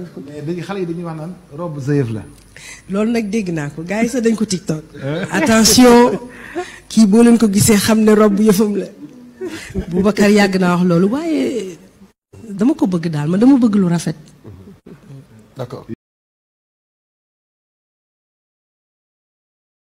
mais dañuy xale yi dañuy wax naan robe zëyëf la. loolu nag dégg naa ko gars yi sax dañ ko tiktok. attention kii boo leen ko gisee xam ne robe yëfam la. Boubacar yàgg naa wax loolu waaye dama ko bëgg daal ma dama bëgg lu rafet. d'accord.